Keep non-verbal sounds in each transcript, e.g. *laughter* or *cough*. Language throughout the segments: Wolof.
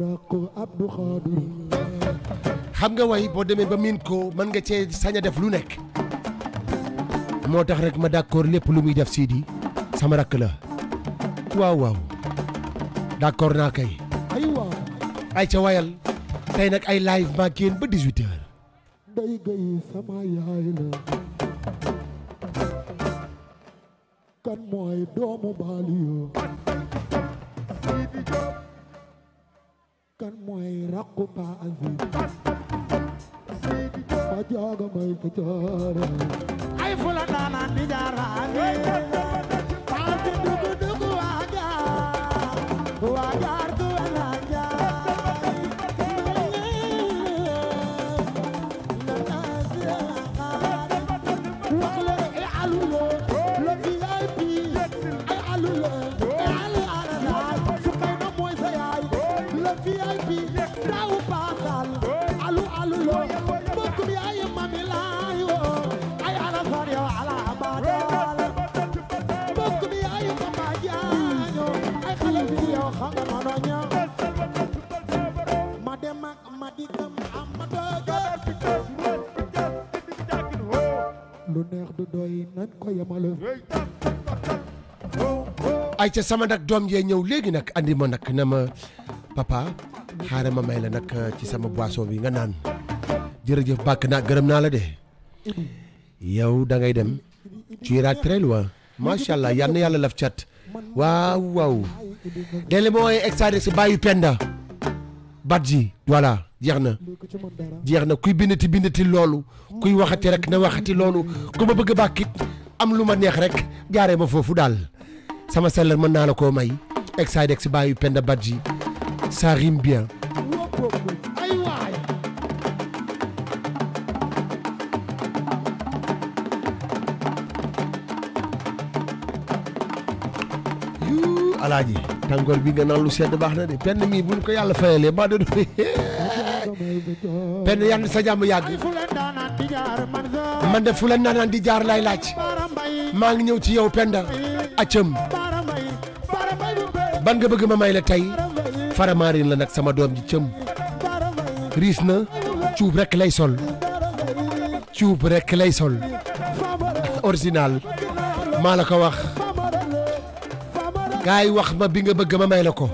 Rako Abdou Khadir xam nga way boo demee ba miin ko mën nga cee sañ def lu nekk moo rek ma d'accord lépp lu muy def Sidi sama rakk la waaw waaw d'accord naa kay ay waaw ay ayo wayal tey nag ay live maa génn ba 18 heures day gay sama yaay la kan mooy doomu baal yoo kan mooy rakku Pa Aziz ba jooga mooy ko joore ay fula daanaan di jaaraale ay ca sama nag doom jee ñëw léegi nag andi ma nag na ma papa xaare ma may la nag euh, ci sama boisson bi nga naan jërëjëf bàkk naa gërëm naa la de yow da dem tu iras très loin allah yal na yàlla laf cat waaw waaw délai mooy extradé si bàyyi penda bat ji voilà jeex na jeex na kuy bindati bindati loolu kuy waxati rek na waxati loolu ku ma bëgg a bàkkit am lu ma neex rek jaaree ma foofu daal sama seller mën naa la koo may ex side ex bàyyi Penda Badji ça rime bien alaaji tàngoor bi nga naan lu sedd baax na de penn ko yàlla fayalee maa doon *laughs* benn yàlla sa jàmm yàgg man de fu la naanaan di jaar lay laaj maa ngi ñëw ci yow Penda acëm ban nga bëgg ma may la tey faramarin la nag sama doom ji cëm riis na cuub rek lay sol cuub rekk lay sol original maa la ko wax gaay wax ma bi nga bëgg ma may la ko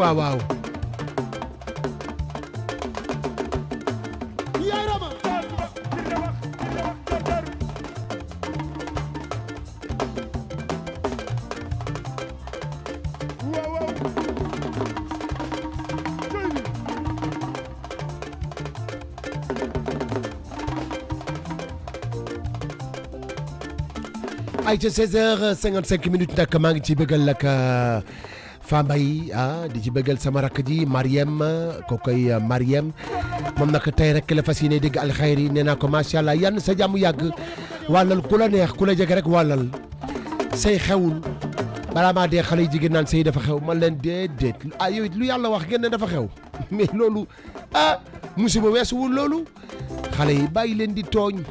waaw waaw ay ca 16h55 minutes nag maa ngi ci bëggal ak euh, Fambaye ah di ci bëggal sama rakk ji Mariem kookoy euh, Mariem moom nag tey rek la fas ne dégg alxayri nee naa ko macha yan sa jàmm yàgg wàllal ku la neex ku la jege rek wàllal say xewul balaa maa dee xale yi jigéen naan say dafa xew man leen déedéet ay ah, yow it lu yàlla wax ngeen ne dafa xew *laughs* mais loolu ah musiba weesuwul loolu xale yi bàyyi leen di tooñ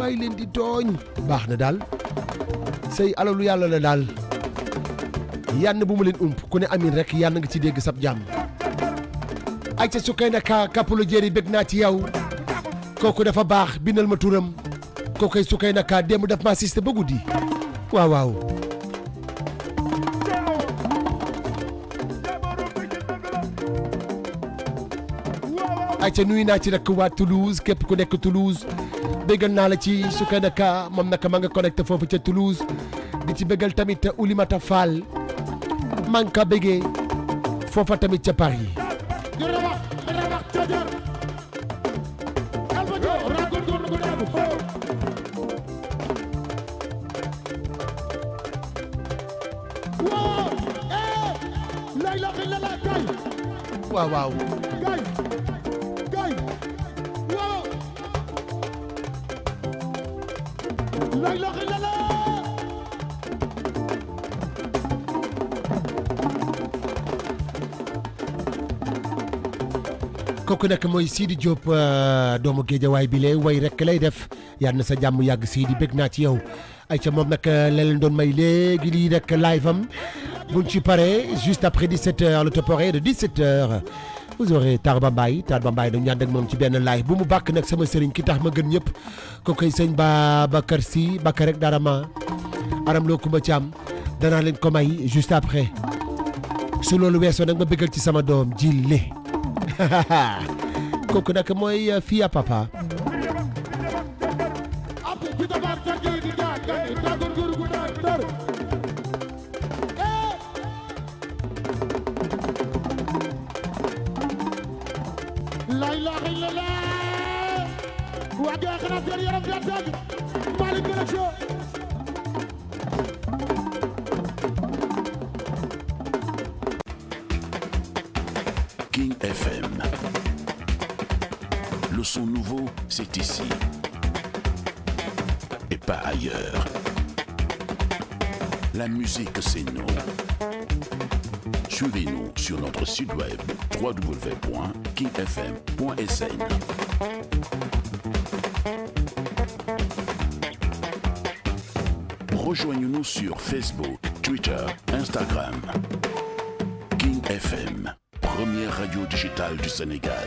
bàyyi leen di tooñ baax na daal. sëy alalu yàlla la daal yann bu ma leen ump ku ne amin rek yàlla nga ci dégg sab jàmm ay ca Soukeyna Ka kàppalu jéeri bég naa ci yow kooku dafa baax bindal ma turam kookoy Soukeyna Ka démb daf ma assisté ba guddi waaw waaw ay ca nuyu naa ci rekk waa Toulouse képp ku nekk Toulouse déggal naa la ci Soukainaka moom naka ma nga connecté foofu ca Toulouse di ci bëggal tamit Oulimata Fall maa ngi ko bëggee foofa tamit ca Paris. waaw waaw. kooku nag mooy Sidi Diop euh, doomu géejawaay bi lee way rek lay def yàlla na sa jàmm yàgg Sidi bëgg naa ci yow ay ca moom nag euh, la leen doon may léegi lii rek live am buñ ci paree juste après 17h le top horaire de 17h vous aurez Tarba Mbaye Tarba Mbaye dañu ànd ak moom ci benn live bu mu bàkk nag sama sëriñ ki tax ma gën ñëpp ko kookoy sëñ Babacar Si Bakar rek dara ma aram loo kumba am danaa leen ko may juste après su loolu weesoo nag ma bëggal ci sama doom ji kokuna kama iya fiya papa لا اله الا الله وعقاقنا في اليوم مالك شو son nouveau, c'est ici. Et pas ailleurs. La musique, c'est nous. Suivez-nous sur notre site web www.kingfm.sn. Rejoignez-nous sur Facebook, Twitter, Instagram. King FM, première radio digitale du Sénégal.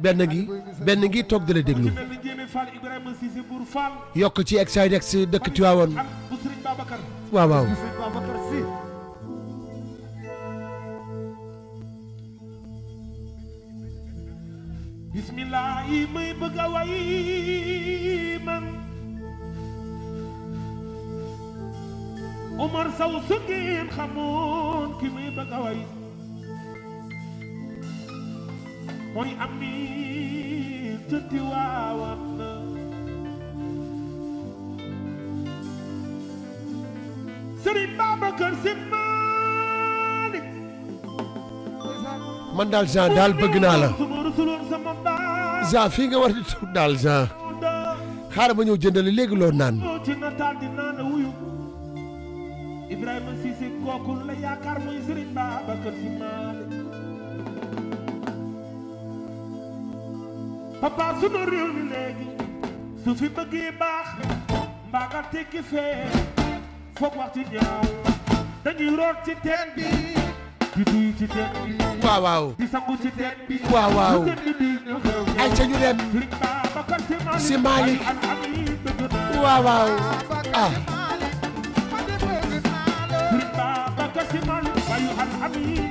benn gi benn gi toog di la déglu yokk ci si dëkk Tiwaawoon waaw waaw. bismillah may bëgg a way man su ki may bëgg mooy Amine te Tiwaawan na Serigne Babacar Sy Malick man daal Jean daal bëgg naa la Jean fii nga war di tuut daal Jean xaaral ma ñëw jëndale léegi loo naan Ibrahima Cissé kooku la yaakaar mooy Serigne Babacar Sy Malick papa sunu réew mi léegi su fi bëggee baax mbaa nga tekki fee foog wax ci ñaaw dañuy root ci teen di duy ci teen bi di sangu ci teen bi ay ca ñu dem si Malick waaw waaw ah Sëriñ Babacar Si Malick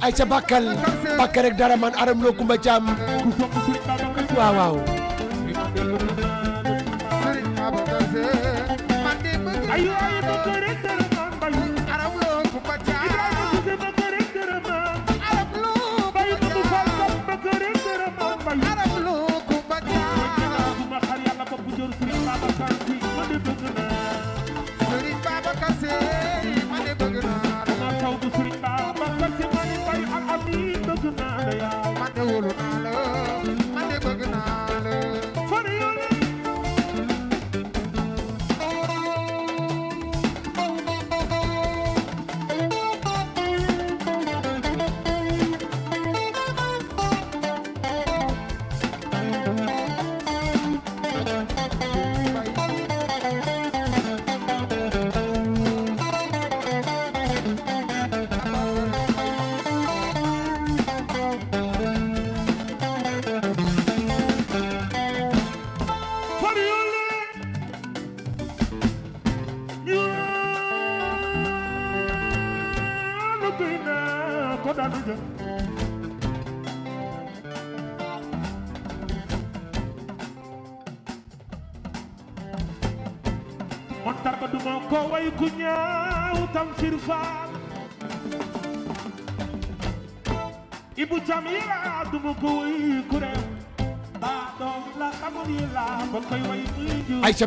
ay ca bakkal bakka rek dara man aram loo kumba Bachir Fall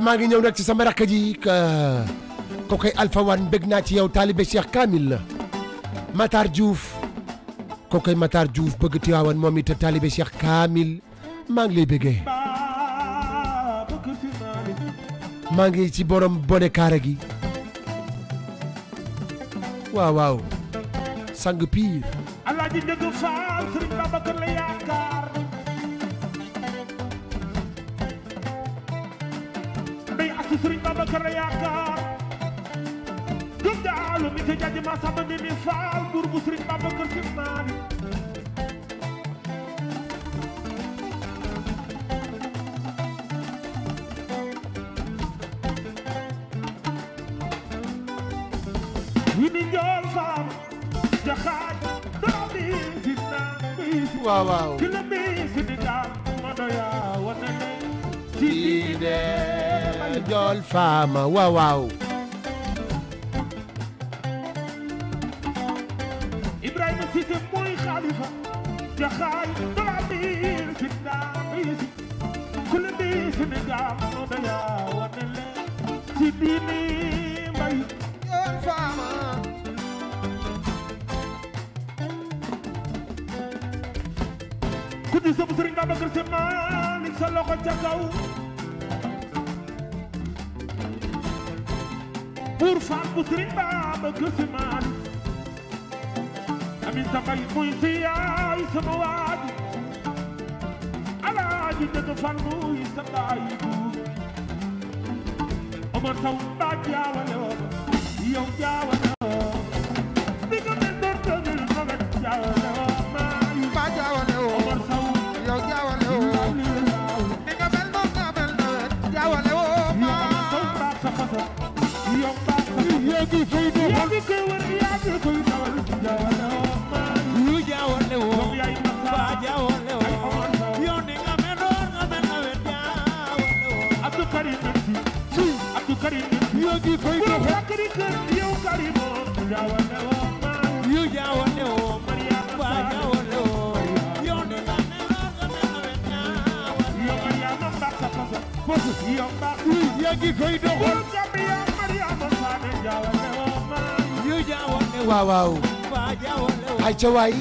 maa ngi ñëw nag ci sama rakk ji ko koy Alpha Wan naa ci yow taalibe Cheikh Kamil la Matar Diouf ko koy Matar Diouf bëgg Tiwaawan moom it taalibe Cheikh Kamil maa ngi lay bëggee maa ngi ci borom bone kaara waaw waaw sang piir alaaji njëg faal sëriñ Babacar la yaakaar day asu sëriñ Babacar la yaakaar jóg daalu mi sa ma samba mi mi faal buur bu ini njool faam jaxaat doomi fitna waaw waaw ki la mi siditaan faama waaw loxo ca kaw buur faat bu sëriñ baaba gësi maan amin tambay muy si yaay sama waaju alaaju dëgg fan muy sa baayi buur omar saw ba jaawale woon yow jaawale Yo, you go to waaw waaw ay ca waay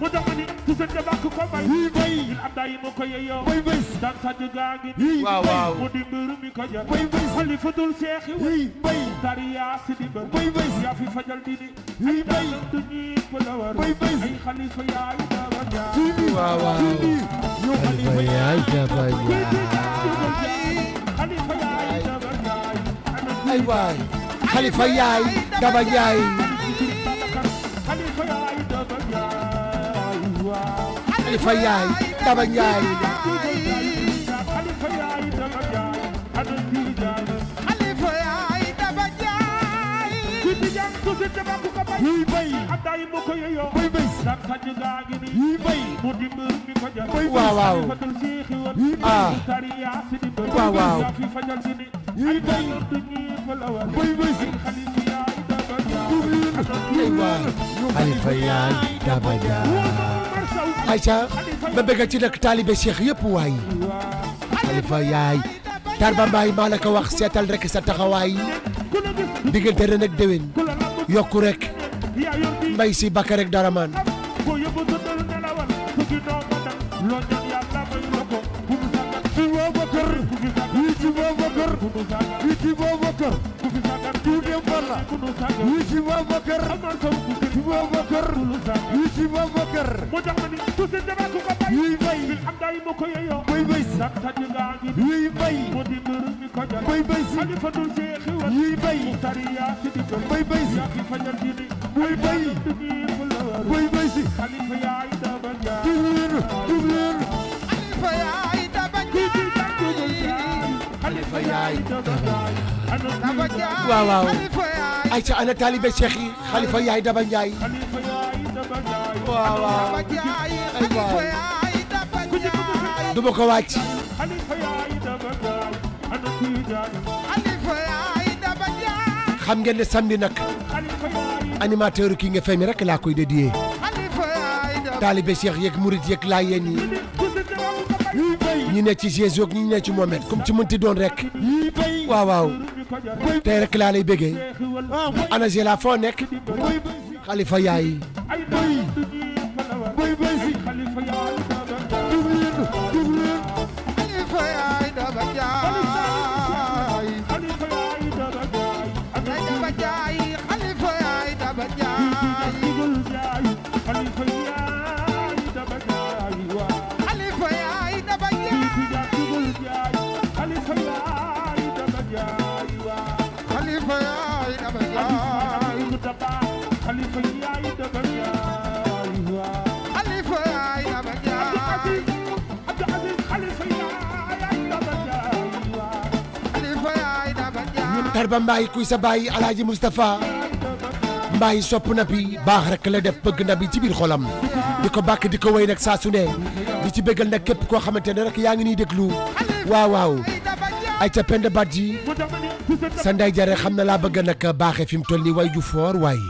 mu damani tu sen da bakk ko bay yi bay il abda yi moko yeyo bay bay dan sa juga gi waaw waaw mu di mburu mi ko ja bay bay xalifatul cheikh yi bay tariya sidi ba bay bay ya fi fajal dini yi bay du ñi ko la war bay bay ay xalifa yaay da war ja waaw waaw yo xalifa yaay da war ja ay waay xalifa yaay daba yaay xalifa yaay daba yaay yuy bay yuy bay waaw waaw ah waaw waaw ay bay bay jaay Aïcha ma bëgg ci nag taalibe Cheikh yëpp waay xalifa yaay Tarba Mbaye maa la ko wax seetal rekk sa taxawaay diggante ren ak déwén yokku rek mbay si bakka rek dara maan ci Babakar wi ci Babakar du dem balla wi ci Babakar ci Babakar wi ci Babakar wi bay bay bay bay waaw waaw ayca ana taalibe cheikh yi xalifa yaay daba njaay waaw waaw ay waaw du ma ko wàcc xam ngeen ne samedi nag animateur King FM rek laa koy dédié taalibe cheikh yeeg murit yeeg laayeen yi ñi ne ci Jésus ak ñi ne ci Mohamed comme ci mënti doon rek waaw waaw tey rek laa lay bëggee ana Géla foo nekk xalifa yaay Herba Mbaye kuy sa baay Alaaji Moustapha Mbaye sopp na bi baax rekk la def bëgg na bi ci biir xolam di ko bàkk di ko wéy nag saa su ne di ci bëggal nag képp koo xamante ne rek yaa ngi niy déglu waaw waaw ay ca pend bat ji sa nday xam na laa bëgg nag baaxee fi mu toll nii way ju foor waay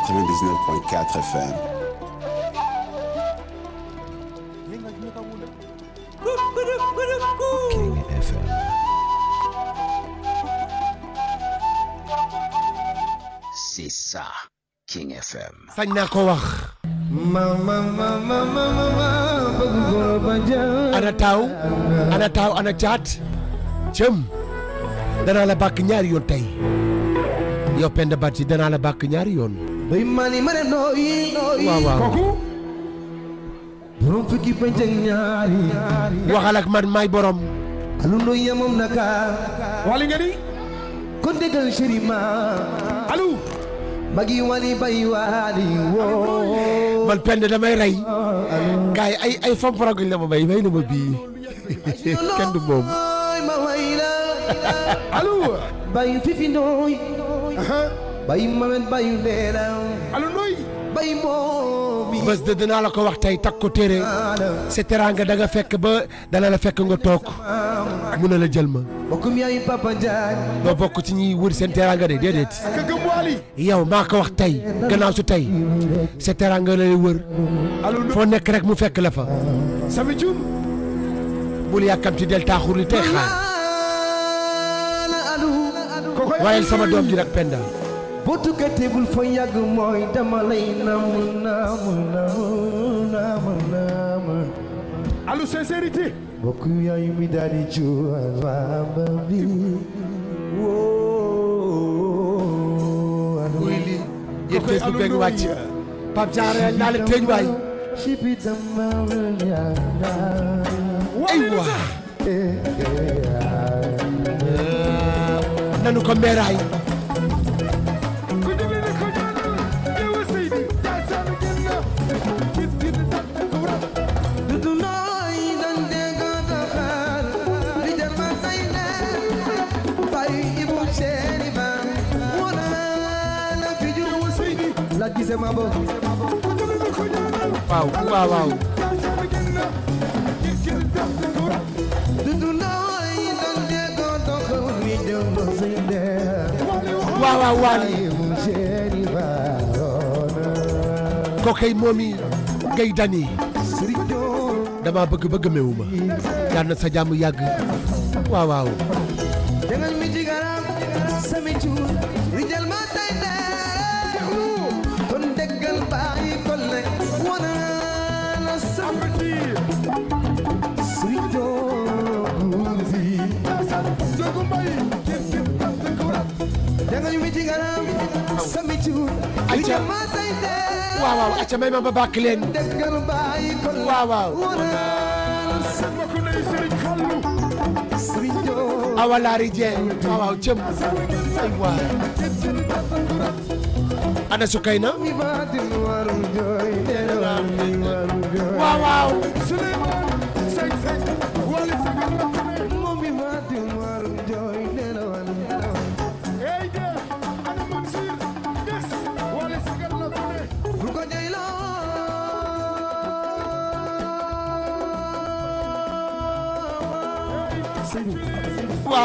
99.4 FM. King FM. C'est ça, King FM. Sanya Kowar. Mama, mama, mama, ana taaw ana taaw ana chat? cëm danaa la bàkk yoon tey Penda Badji danaa la bàkk ñaari yoon bay mani ma ne nooyi kooku borom fukki penc ak ñaari waxal ak man maay borom alu nooy yamam naka wali nga ni kon déggal chéri ma alu magi wali bay wali woo man pend damay rey gaay ay ay fam programme ma bay bay na ma bii kenn du moom ma way la *laughs* alu bay fifi nooy bay mamet bayu deeram alondoy bay boobi bés la ko wax tey takk ko téere sa teraanga da fekk ba dana la fekk nga toog mu ne la jël ma doo bokk ci ñuy wër seen teraanga de déedéet yow maa ko wax tey gannaaw su tey sa teraanga lay wër foo nekk rek mu fekk la fa sami jum bul yàkkamti del taaxur li tey xaar wayel sama doom ji rek penda boo tukkatee bul fa yàgg mooy dama lay namm namm namm namm namm allo sincérité mbokk yaay mi daal di juwal bamba bi woo mooy li yéen tey bu bëgg wàcc Pape Thiaré naa leen tëj waay sibi nanu ko meeraay waaw waaw waaw waaw waaw kookay gay dani dama bëgg bëgg meewu ma yàlla na sa jàmm yàgg waaw waaw ayca waaw waaw ayca may ma ba bàkk leen waaw waaw. awalaari Dieng waaw waaw cëm aywa. ana Sukayna. waaw waaw.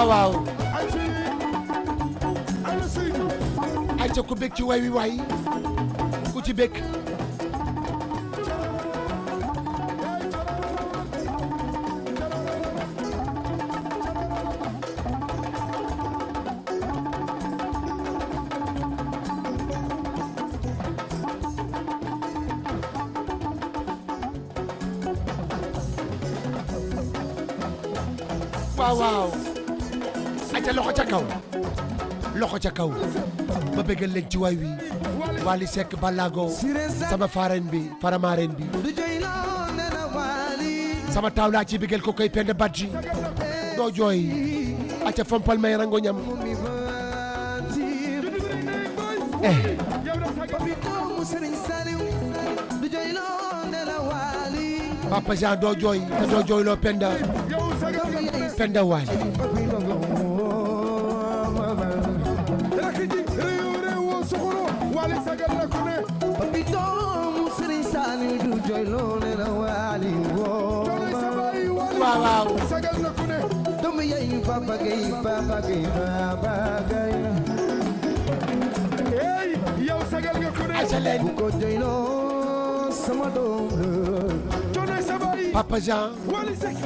waaw waaw ay ca ku bëgg ci way wi waay ku ci bëgg ca kaw ma bëggal leen ci way wi Wally Seck Balago sama faareen bi faramaareen bi sama taaw laa ci bëggal ko koy pend badji doo jooy aca fompal may rango ñam eh. papa Jean doo jooy te doo jooy loo penda penda Wally Seydou jooy loo ne la waali woo waaw waaw sagal na ku ne doomu yaay Papa Gueye Papa Gueye Papa Gueye hey yow sagal nga ku ne bu ko jooy loo sama doom la Papa Jean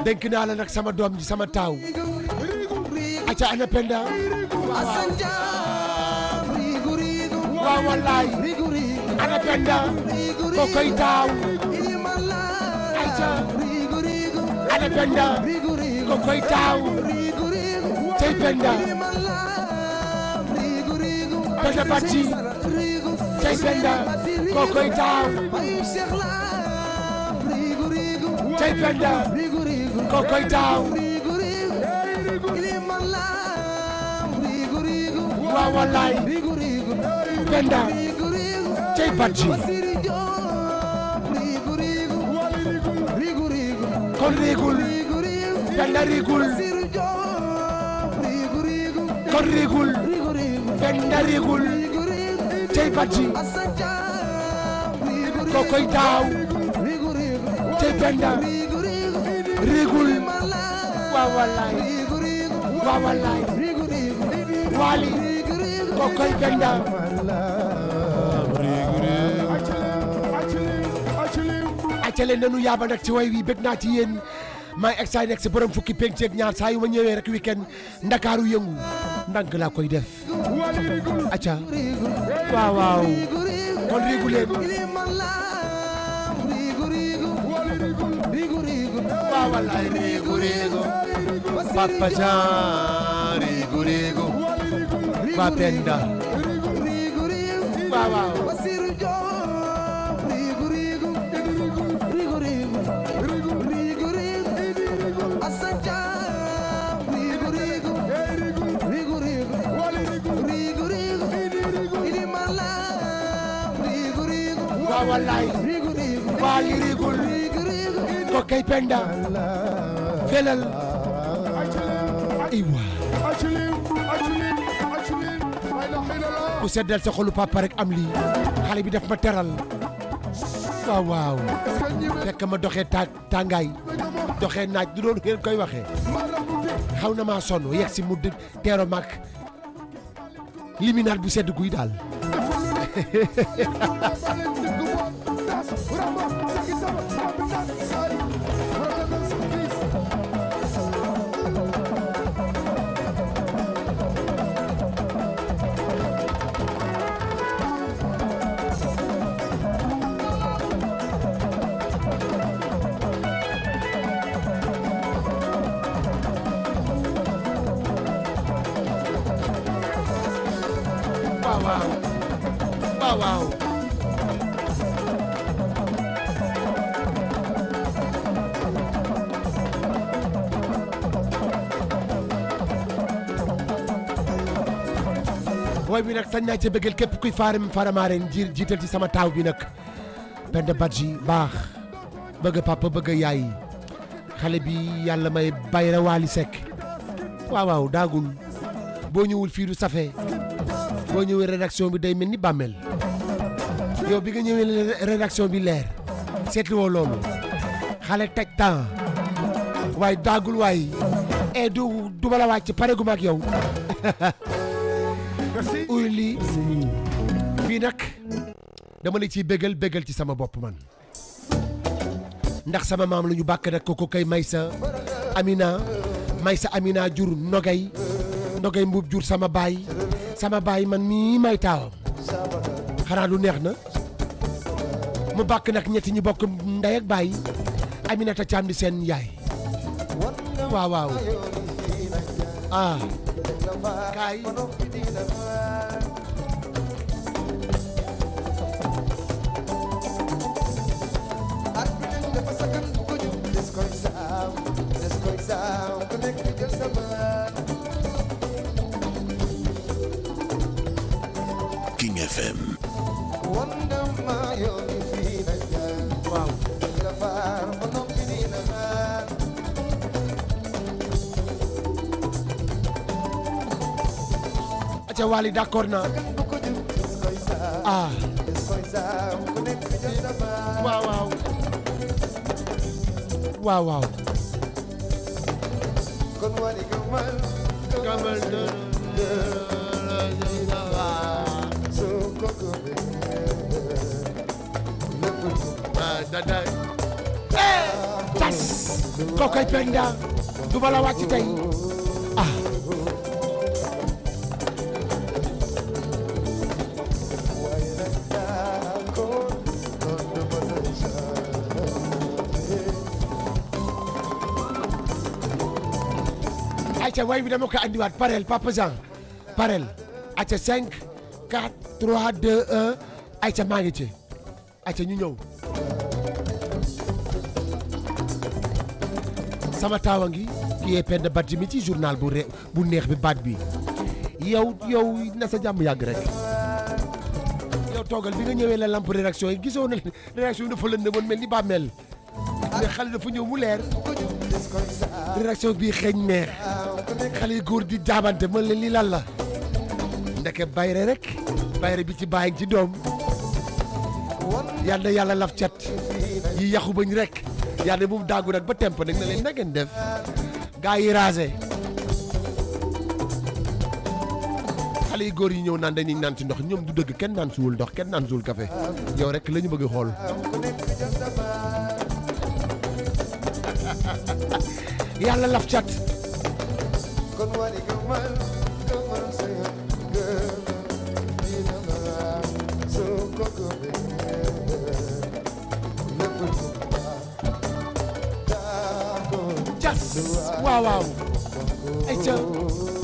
dénk naa la nag sama doom ji sama taaw aca ana penda waaw wallaay ana penda ko koy taaw ayca ana Penda ko koy taaw tey Penda Penda Bati tey Penda ko koy taaw tey Penda ko koy taaw waaw wallaay Penda tey Bati kon riigul kon riigul benn riigul tey bàcci daaw tey riigul waaw waali kookoy benn fàttale nanu yaaba nag ci way wi bëgg naa ci yéen maa ngi egsaay nekk si borom fukki penc ak ñaar saa yu ma ñëwee rek ndakaaru yëngu ndànk la koy def acca waaw waaw kon riigu leen waaw wallaay riigu riigu papa Jean riigu riigu waaw wallaay waali riigul kokkay penda felal aywa seddal sa xolu papa am lii xale bi daf ma teral waaw waaw fekk ma doxee tàngaay doxee naaj du doon ngeen koy waxee xaw na maa sonn si mu teero mag liminaat bu sedd guy daal *laughs* bi nag sañ naa ca bëggal képp kuy faaram faramaaren ji jiital ci sama taaw bi nag benn badji baax bëgg papa bëgg yaay xale bi yàlla may bayra waali sekk waaw waaw daagul boo ñëwul fiiru safe boo ñëwee rédaction bi day mel ni bàmmeel yow bi nga ñëwee rédaction bi leer seetlu woo loolu xale teg temps waaye daagul waay e du du la wàcc pare gu ma ak yow *laughs* merci lii nag dama la ciy bégal bégal ci sama bopp man ndax sama maam lu ñu bàkk nag ko kay Maysa Amina Maysa Amina jur Nogay Nogay mbuub jur sama baay sama baay man mii may taawam xanaa lu neex na mu bàkk nag ñetti ñi bokk ndey ak baay Aminata Caam di seen yaay waaw waaw ah kaay King FM. Wonder my ca Wally d'accord naa ah waaw waaw eh, tas kokoy penda du bala wàcc acca way bi da ko andiwaat parel Papa Jean parel acca 5 4 3 maa ngi ci acca ñu ñëw sama taawa ngi kii yee Penda Badji mi ci journal bu re bu neex bi baat bi yow yow na sa jàmm yàgg rek yow toogal bi nga ñëwee la lamp rédaction yi gisoo na rédaction yi dafa lënd woon mel ni bàmmeel mais xale dafa ñëw mu leer rédaction bii xeeñ neex nekk xale yu góor di jaabante mën leen lii lan la ndeke bayre rek bayre bi ci bàyyi ci doom yàlla yàlla laf cat yi yaxu bañ rek yal na bu mu daagu nag ba temp nag na leen na ngeen def gaa yi raase xale yu góor yi ñëw naan dañuy naan ci ndox ñoom du dëgg kenn naan suwul ndox kenn naan suwul café yow rek la bëgg xool *laughs* yàlla laf Just wow wow. Hey, Joe.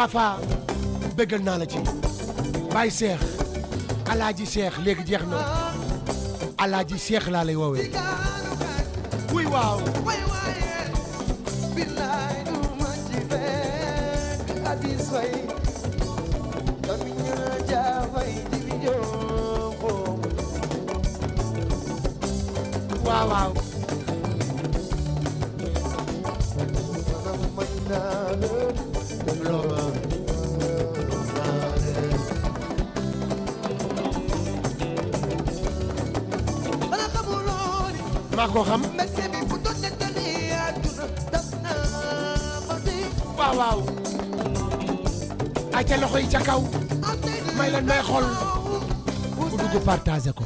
Fafa bëggal naa la ci Baye Cheikh Alaaji seex léegi jeex na Alaaji seex laa lay woowee. maa ko xam. waaw waaw. ayca loxo yi ca kaw. may leen may xool. ku dugg partagé ko.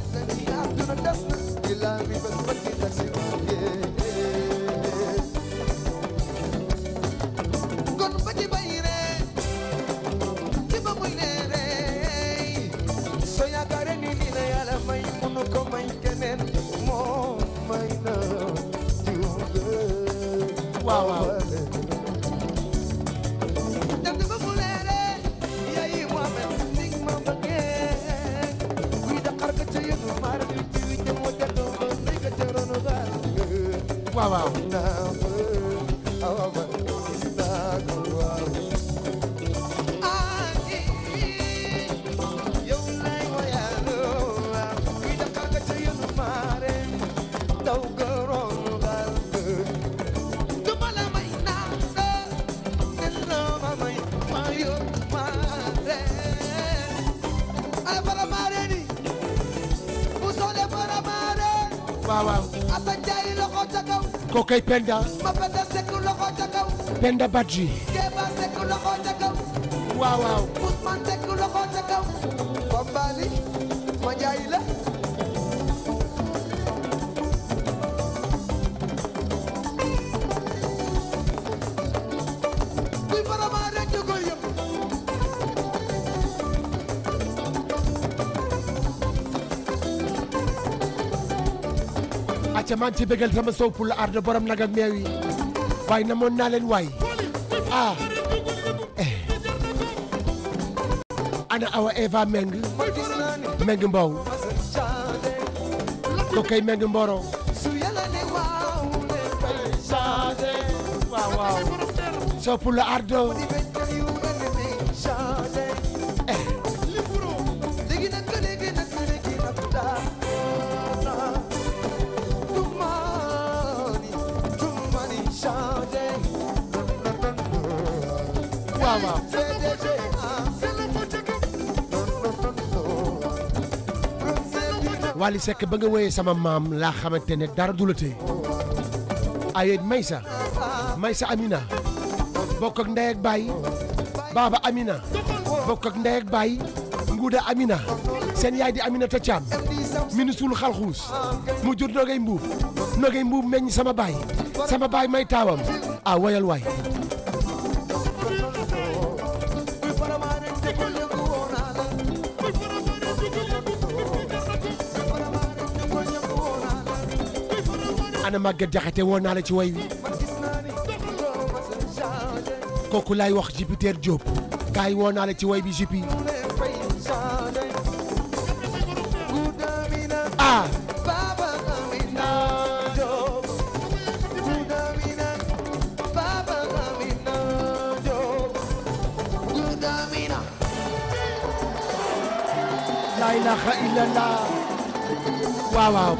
out now. kookay Penda Penda Badji waaw waaw Ousmane teg loxo ca kaw Bambali ma jaay la acca maa ngi ci bégal sama sow pour la aar de meew yi waaye na moon naa leen waay ah eh. ana awa Eva meng meng mbow ko kay meng mboro sow pour la Wally sekk ba nga woyee sama maam laa xamante ne dara du la tëye ayet Maysa Maysa Amina bokk ak ndey ak baay Baba Amina bokk ak ndey ak baay Nguuda Amina seen yaay di Amina ta Thiam xalxuus mu jur nogay mbuub nogay mbuub meññ sama baay sama baay may taawam a woyal waay انا ما قد جحت وانا على جوي كوكو لاي وخ جيبيتر جوب كاي وانا على جوي بي جي بي اه لا اله الا الله واو واو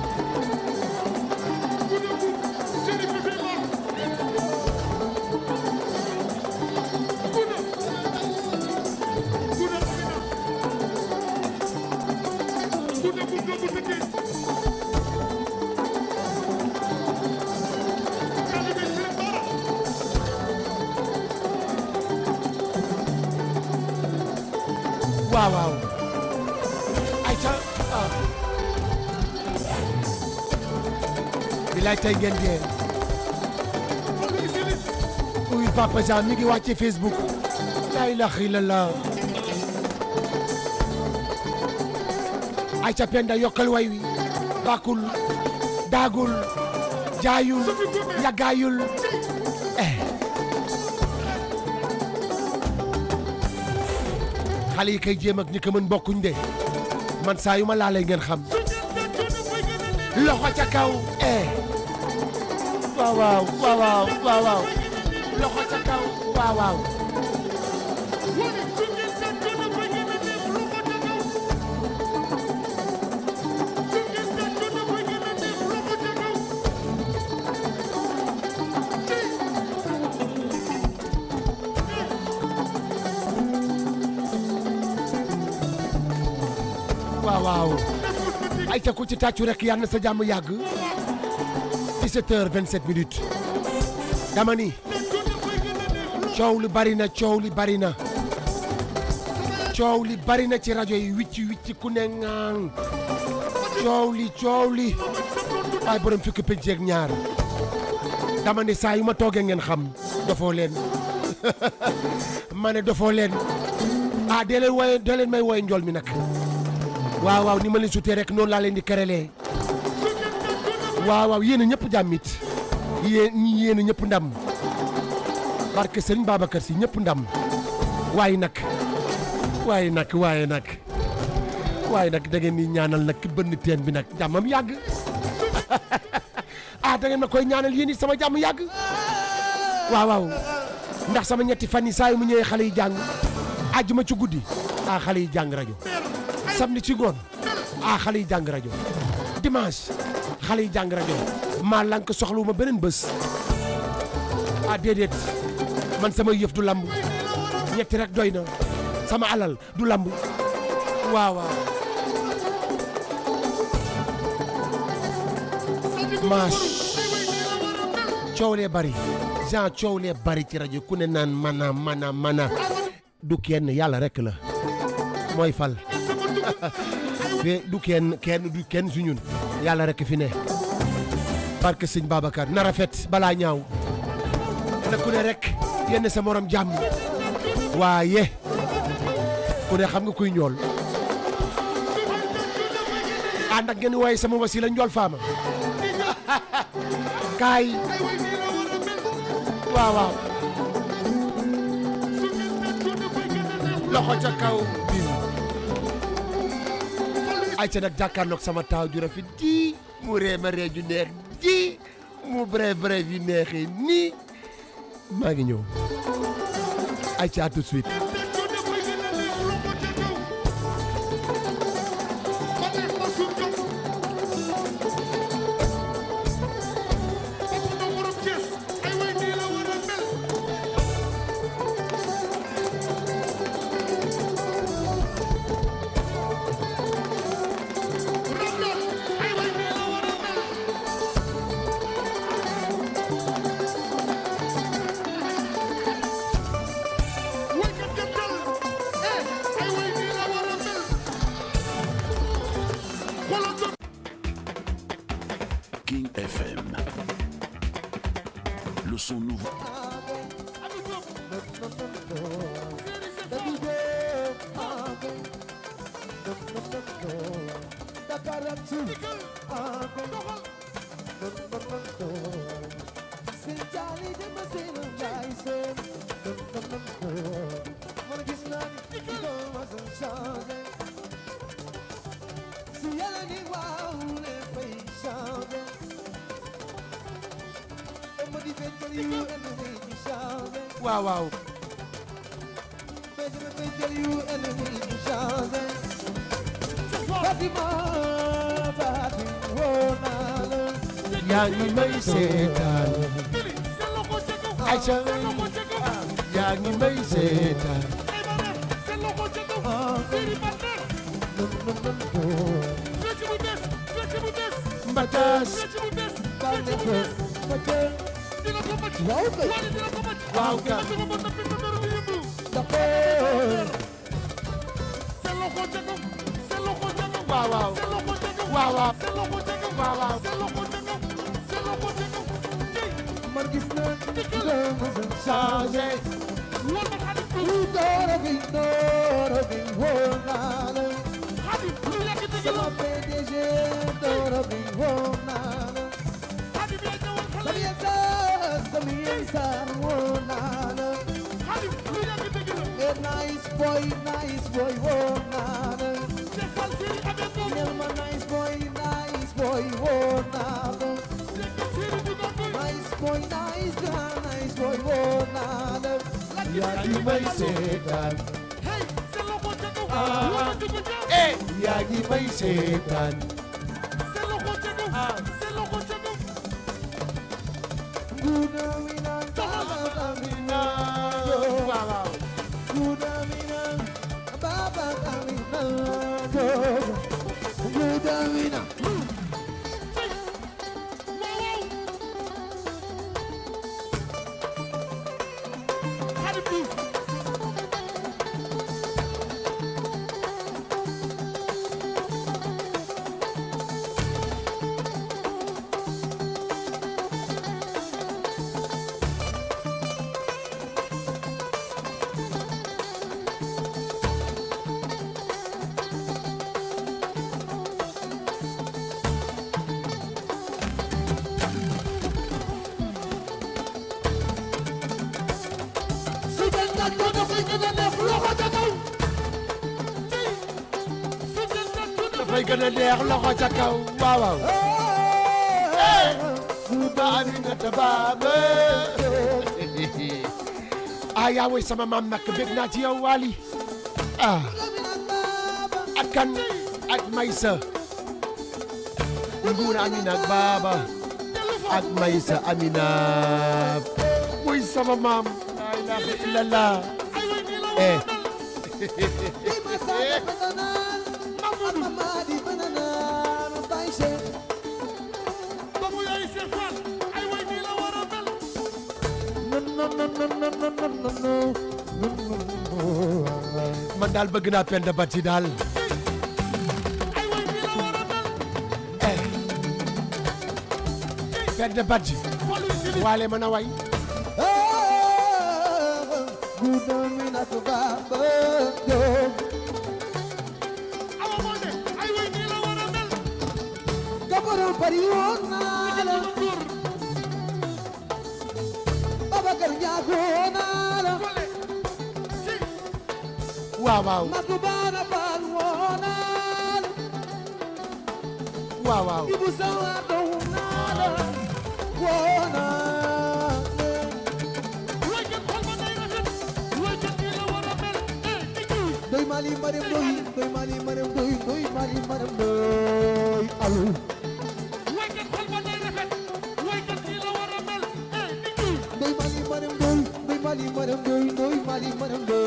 tey ngeen jee uy Papa Jean mi ngi wàcc ci Facebook laa ilaaha illallaah ay ca Penda yokkal way wi bàkkul daagul jaayul yàggaayul eh xale kay jéem ak ñi mën bokkuñ de man saa yu ma ngeen xam loxo ca kaw eh waaw waaw waaw waaw loxo ca kaw waaw waaw waaw waaw ay ca ku ci tàccu rek yàlla na sa jàmm yàgg 17 heures 27 minutes dama ni coow li bari na coow li bari na coow li bari na ci rajo yi wicci wicci ku coow li coow li ay borom fukki pénc ak ñaar dama ni saa yu ma toogee ngeen xam dofoo leen *laughs* ma ne dofoo leen ah dee leen wooye dee leen may wooye njool mi nag waaw waaw ni ma leen sutee rek noonu laa leen di kerelee waaw waaw yéen a ñëpp jàmmit yéen yéen a ñëpp ndam barke Serigne Babacar si ñëpp ndam waaye nag waaye nag waaye nag waaye nag da ngeen ni ñaanal nag bënn teen bi nag jàmmam yàgg *laughs* ah da ma koy ñaanal yéen it sama jàmm yàgg waaw waaw ndax sama ñetti fan yi saa yu mu ñëwee xale yi jàng ma ci guddi ah xale yi jàng rajo samedi ci ngoon ah xale yi jàng rajo dimanche. xale yi jàng rajo maa lànk soxlawuma beneen bés ah man sama yëf du lamb ñetti rek doy na sama alal du lamb waaw waaw maas coow lee bari Jean coow lee bari ci rajo ku ne naan mana mana mana du kenn yàlla rek la mooy fal *laughs* fe du kenn kenn du kenn su ñun yàlla rek fi ne barke sëñ Babacar na rafet balaa ñaaw na ku ne rek yenn sa morom jàmm waaye ku ne xam nga kuy ñool ànd ak ngeen waaye sama wasila njool faama *laughs* kaay waaw waaw ayca nag jàkkaarloog sama taaw ju rafet ji mu ree ma ree ju neex ji mu bref bref yi neexee nii maa ngi ñëw ayca à yaa ngi may seetaan aca yaa ngi may seetaan mbataas waaw ka waaw waaw waaw waaw Clemos and sausage. Who thought of it, thought of it, one dollar. Some of it is it, thought of it, one dollar. Some yes, some yes, and one dollar. A nice boy, nice boy, one dollar. Nice boy, yaa ngi may seetaan hey sa loxo ca ah, kaw eh, yaa ngi may seetaan لك لك لك لك لك لك لك لك لك لك لك لك لك لك نقول أمينة بابا أك مايسة أمينة ويسا ماما لا إله إلا الله أيوة إلا الله man daal bëgg naa Penda Bati daal eh Penda Bati waale mën a way gudaminatu bamba jom awa monde ay way ni la wara mel gabaru bari woon naa la Babacar Njaago waaw waaw ma subaana baal mali maram eh, doy doy mali maram doy doy mali eh, mali mali mali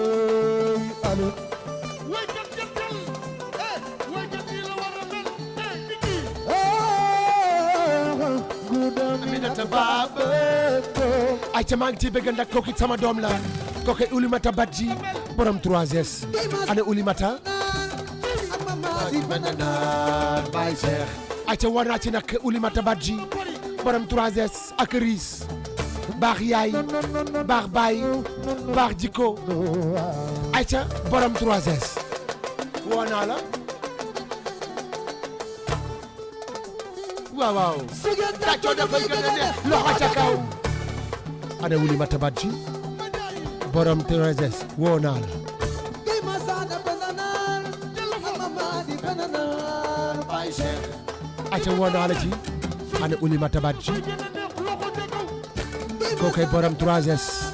ca maa ngi ciy bëgg nag kooku sama doom la kooku Oulimata Badji borom 3S ana Oulimata aca ci nag Oulimata Badji borom 3S ak riis baax yaay baax baay borom 3 woo naa la waaw waaw tàccoo dafay gën a ne kaw ana Wouly Matabadji borom Treize woo naa la aca woo naa la ci ana Wouly Matabadji kookoy borom Treize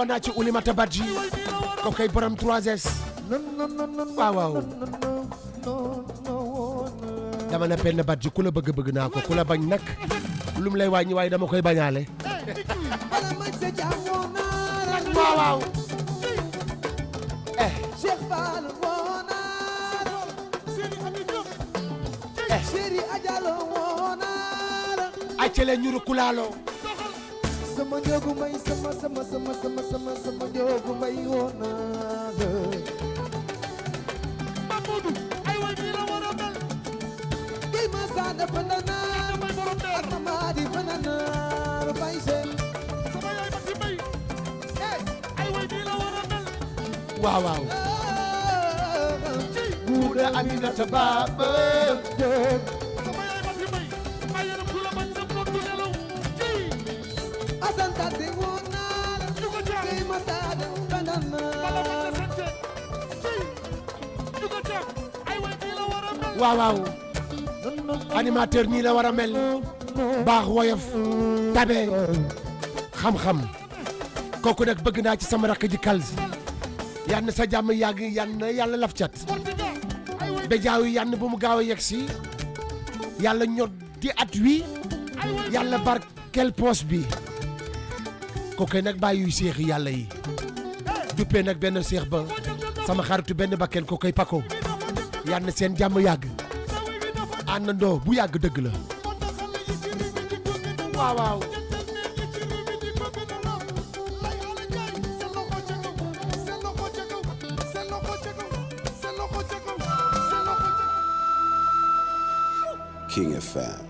woon naa ci Oulimata Badji ko koy borom 3S waaw waaw dama ne Penda Badji ku la bëgg bëgg naa ko ku la bañ nag lum lay wàññi waaye dama koy bañaale waaw waaw eh eh acele ñuru kulaaloo sama joogu may sama sama sama sama sama sama joogu may woon naa la Mamadou ay way ni la wara gay ma saada fanana may borom der ma di fanana bay seen sama yaay ma ci bay eh ay way ni la wara mel waaw waaw buuda Aminata Baba waaw waaw animateur nii la war a mel baax woyof tabe xam-xam kooku nag bëgg naa ci sama rakk ji Kals yal na sa jàmm yàgg yal na yàlla laf cat ba jaaw yi na bu mu gaaw a yegg si yàlla ñor di at wi yàlla barkel poos bi kooku nag bàyyi yu seexi yàlla yi duppee nag benn seex ba sama xaritu benn bakkeen kooku pako yal na seen jàmm yàgg àndandoo bu yàgg dëgg la waaw waaw King FM.